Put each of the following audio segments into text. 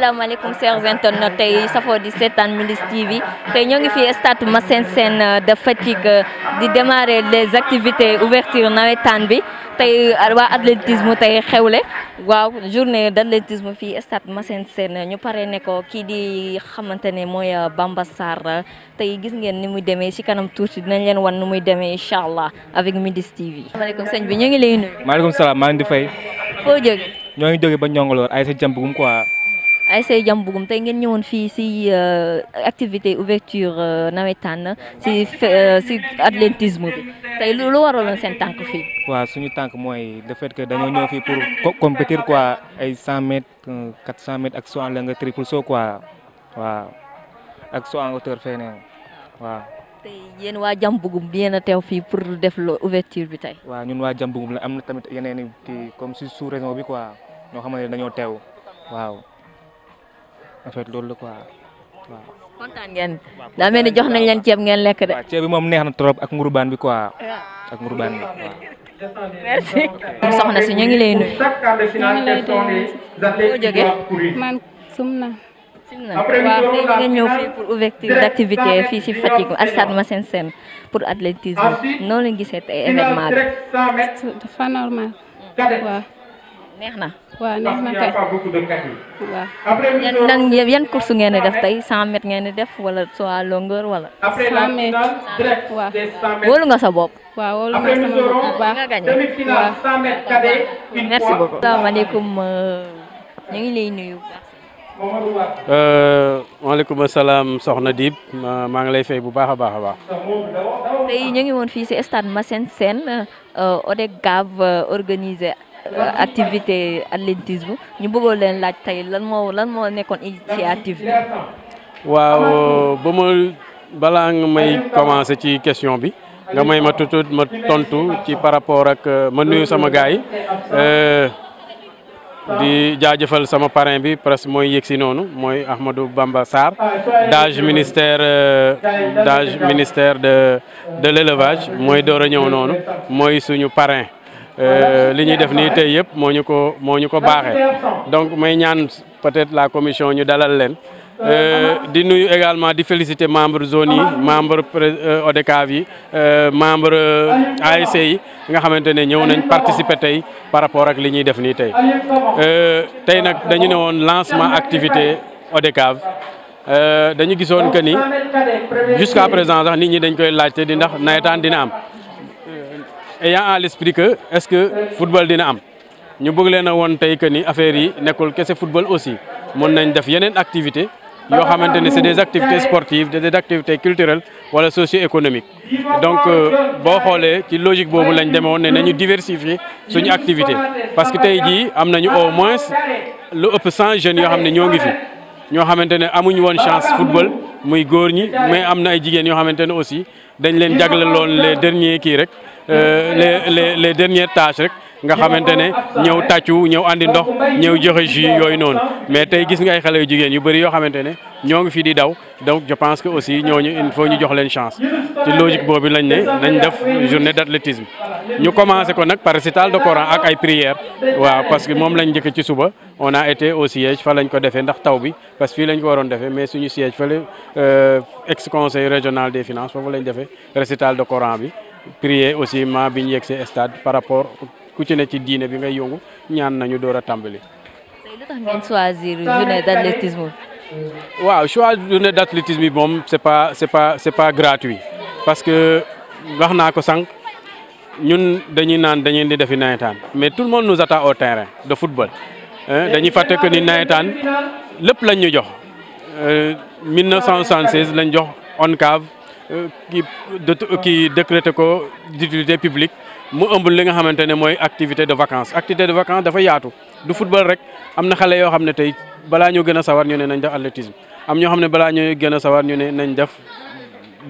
asalaamaaleykum chers internautes tey safoo di seetaan Mindiss TV tey ñoo ngi fii stade Massène Sène euh, de Fatick euh, di démarrer les activités ouverture nawetaan bi tey euh, waa athlétisme tey xewle waaw journée d' athlétisme fii stade Massène Sène ñu pare ne ko kii di xamante ne mooy Bamba Sarr tey gis ngeen ni muy demee si kanam tuuti dinañ leen wan ni muy demee incha allah avec Mindiss TV. asalaamaaleykum sëñ bi ñu ngi lay nuyu. maaleykum maa ngi di fay. foo jógee. ñoo ngi ay sa jàmb gum ASC Jam Bugum tey ngeen ñëwoon fii si euh, activité ouverture euh, nawetaan si euh, si athlétisme bi tey lu waraloon seen tànk fi waaw suñu tànk mooy le fait que dañoo ñëw fii pour compétir quoi ay 100 mètres ak soo la nga triple saut quoi waaw ak soo en hauteur fee neen tey yéen waa Jam Bugum yéen teew fii pour def lo ouverture bi tey. waaw ñun waa Jam la am na tamit yeneen i kii comme si sous-région bi quoi ñoo xam ne dañoo teew en fait loolu la quoi waaw. kontaan ngeen daa mel ni jox nañ leen ceeb ngeen lekk de. waaw ceeb bi moom neex na trop ak ngurubaan bi quoi. ak ngurubaan bi waaw. merci. soxna si ñu ngi lay nuyu. ñu ngi lay nuyu. boo jógee man sum na. waaw tey nga ñëw fii pour ouverture d' activité fii si Fatick ak stade Massène Sène pour athlétisme noonu la gisee tey événement bi. dafa normal waaw. neex na waaw neex na ngeen di def tey 100 mètres ngeen di def wala soit longueur wala. 100 wóolu nga sa bopp. waaw wóolu nga sama bopp bu ah, merci beaucoup. asalaamaaleykum euh, ñu ngi lay nuyu. maaleykum euh, salaam soxna Dib maa ngi lay fay bu baax a baax a baax. tey ñu ngi woon fii si stade Massène Sène euh, ODCAV organisé. Euh, activité athlétisme ñu bëggoon leen laaj tey lan moo lan moo nekkoon initiative bi. waaw ba ma balaa nga may commencé ci question bi nga may ma ma tontu ci par rapport ak euh, ma nuyu sama gars yi euh, di jaajëfal sama parrain bi presque mooy yëg si noonu mooy Ahmadou Bamba Sarr DAGE ministère DAGE ministère de de élevage mooy door a ñëw noonu mooy suñu parrain. Euh, li ñuy def nii tey yëpp moo ñu ko moo ñu ko baaxee donc may ñaan peut-être la commission ñu dalal leen euh, di nuyu également di félicité membre zone yi membre euh, ODCAV yi membre ASC yi nga xamante ne ñëw nañ participer tey par rapport ak li ñuy def nii tey tey nag dañu ne woon lancement activité ODCAV dañu gisoon que ni jusqu'à présent sax nit ñi dañ koy laajte di ndax nawetaan dina am ayant à l'esprit que est-ce que football dina am ñu bëgg na a woon tey que ni affaire yi nekkul kese football aussi mën nañ def yeneen activité yoo xamante ni c'est des activités sportives des activités culturelles wala socio économique donc euh, boo xoolee ci logique boobu lañ demoon ne nañu diversifier suñu activité parce que tey jii am nañu au moins lu ëpp cent jeunes yoo xam ne ñoo ngi fi ñoo xamante ne amuñu woon chance football muy góor ñi mais am na ay jigéen yoo xamante ne aussi dañ leen jagleel loon les derniers kii rek Euh, les les les dernières tâches rek nga xamante ne ñëw tàccu ñëw andi ndox ñëw joxe jus yooyu noonu mais tey gis nga ay xale yu jigéen yu bëri yoo xamante ne ñoo ngi fii daw donc je pense que aussi ñooñu il faut ñu jox leen chance ci logique boobu lañ ne nañ def journée d'athlétisme ñu commencé ko nag par récital de Coran ak ay prière waaw parce que moom lañ njëkk ci suba on a été au siège fa lañ ko defee ndax taw bi parce que fii lañ ko waroon defee mais suñu siège fële euh, ex conseil régional des finances foofu lañ defee récital de Coran bi prier aussi ma bi ñu yegg see stade par rapport ku ci ne ci diine bi ngay yëngu ñaan nañu door a tàmbali. waaw lu tax ngeen choisir bi moom c'est pas c'est pas c'est pas gratuit parce que wax naa ko sànq ñun dañuy naan dañuy di defi nawetaan mais tout le monde nu attend au terrain de football dañuy fàtte que ni nawetaan lépp lañ ñu jox 1976 euh, lañ jox ONCAV. ki ki décrété ko d'utilité publique mu ëmb li nga xamante ne mooy activité de vacance activité de vacances dafa yaatu du football rek am na xale yoo xam ne tey balaa ñoo gën a sawar ñu ne nañ def athlétisme am ñoo xam ne balaa ñoo gën a sawar ñu ne nañ def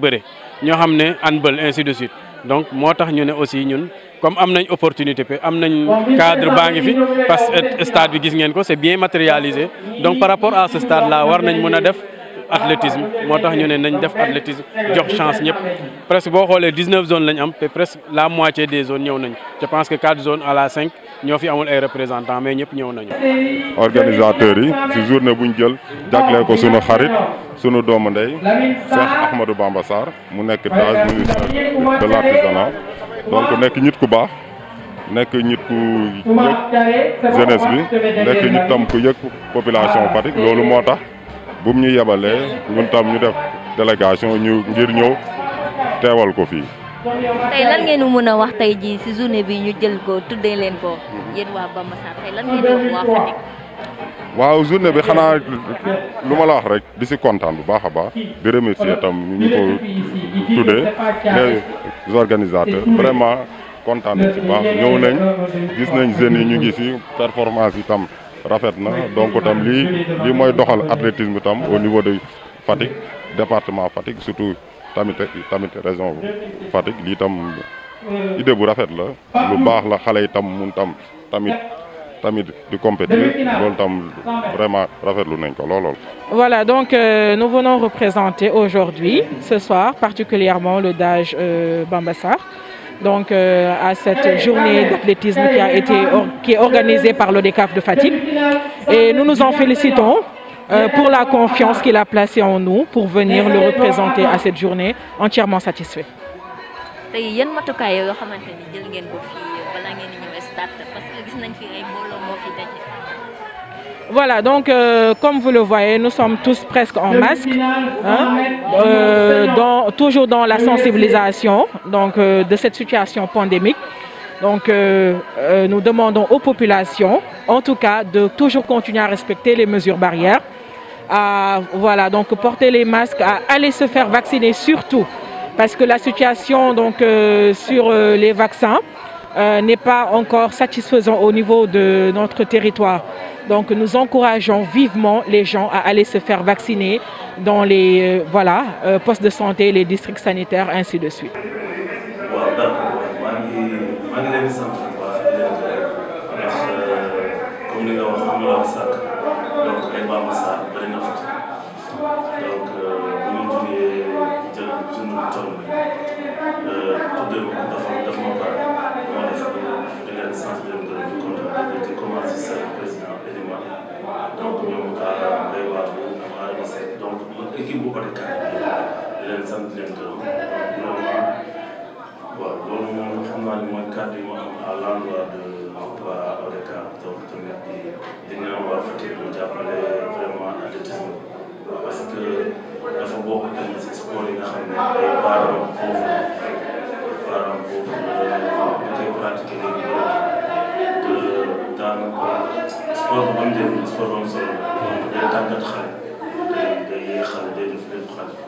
bëre ñoo xam ne handball ainsi de suite donc moo tax ñu ne aussi ñun comme am nañ opportunité pe am nañ cadre baa ngi fi parce que stade bi gis ngeen ko c'est bien matérialisé donc par rapport à ce stade là war nañ mun a def athlétisme moo tax ñu ne nañ def athlétisme jox chance ñëpp presque boo xoolee dix 19 zones lañ am te presque la moitié des zones ñëw nañ je pense que 4 zones à la 5 ñoo fi amul ay représentants mais ñëpp ñëw nañu. organisateurs yi si journée bu ñu jël jagleel ko sunu xarit sunu doomu ndey Cheikh Ahmadou Bamba Sarr mu nekk Taj ministre de l'artisanat donc nekk nit ku baax. nekk nit ku yëg bi nekk nit tam ku yëg population Fatick loolu moo tax bu ñu yebalee ñun tam ñu def délégation ñu ngir ñëw teewal ko fii. tey lan ngeen mën a wax tey jii si journée bi ñu jël ko tuddee leen ko waaw journée bi xanaa lu ma la wax rek di si kontaan bu baax a baax di remercier tam ñu ko tuddee les organisateurs vraiment kontaan nañ si baax ñëw nañ gis nañ jeunes yi ñu gis si performance yi tam. rafet na donc tam lii lii mooy doxal athlétisme tam au niveau de Fatick département Fatick surtout tamit tamit région Fatick lii tam idée bu rafet la lu baax la xale yi tam mun tam tamit tamit du compétir loolu tam vraiment rafetlu nañ ko lool lool. Voilà donc euh, nous venons représenter aujourd'hui ce soir particulièrement le euh, Bambassar. donc euh, à cette journée d'athlétisme qui a été qui est organisée par l'ODECAF de Fatick et nous nous en félicitons euh, pour la confiance qu'il a placée en nous pour venir le représenter à cette journée entièrement satisfait. tey yan matukaay yoo xamante ni jël ngeen ko Voilà, donc euh, comme vous le voyez, nous sommes tous presque en masque, hein, euh, dans, toujours dans la sensibilisation donc, euh, de cette situation pandémique. Donc euh, euh, nous demandons aux populations, en tout cas, de toujours continuer à respecter les mesures barrières, voilà, donc, porter les masques, à aller se faire vacciner surtout, parce que la situation donc, sur les vaccins n'est pas encore satisfaisante au niveau de notre territoire. Donc nous encourageons vivement les gens à aller se faire vacciner dans les euh, voilà, euh, postes de santé, les districts sanitaires, ainsi de suite. Euh, leen sant leen gërëm loolu waaw loolu moom xam naa ne mooy kàddu yi ma am à l'endroit de waa ODCAV donc tamit di di ñaan waa Fatick mu jàppale vraiment athlétisme parce que dafa bokk tamit si sport yi nga xam ne ay parents pauvres parents pauvres ñu koy pratiqué léegi daanaka sport bu am njëriñ sport bu am solo donc day tàggat xale day day yee xale day def lépp xale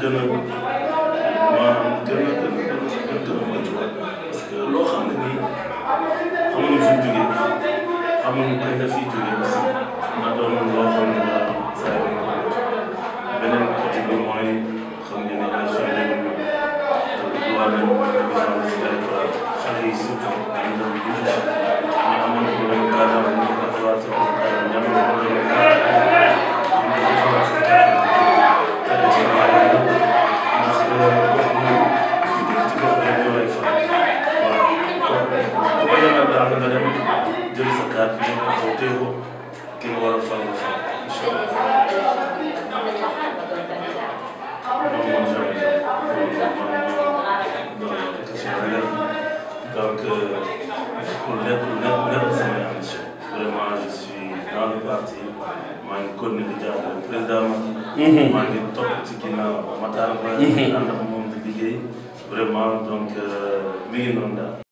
gën a maanaam gën a gën a gën gën a moytuwaat parce que loo xam ne nii xamuñu fi mu jógee xamuñu kañ la fiy jógee aussi na doon loo xam ne daal saa yi dañ ko beneen côté bi mooy xam nga ni élection yi dañu ñëw te bu wàllu émission bi si ay xale yi surtout dañu doon la daal nga dem jël sa carte bi nga ko téye ko ki nga war a fal nga fal incha donc euh, pour lépp lépp lépp samay ambition vraiment je suis dans le parti maa ngi continué di jàppale président Macky. maa ngi topp ci ginnaaw Matar Ba. Mhm. ànd ak moom di liggéey vraiment donc euh, mi ngi noonu daal.